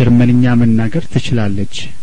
ጀርመንኛ መናገር ትችላለች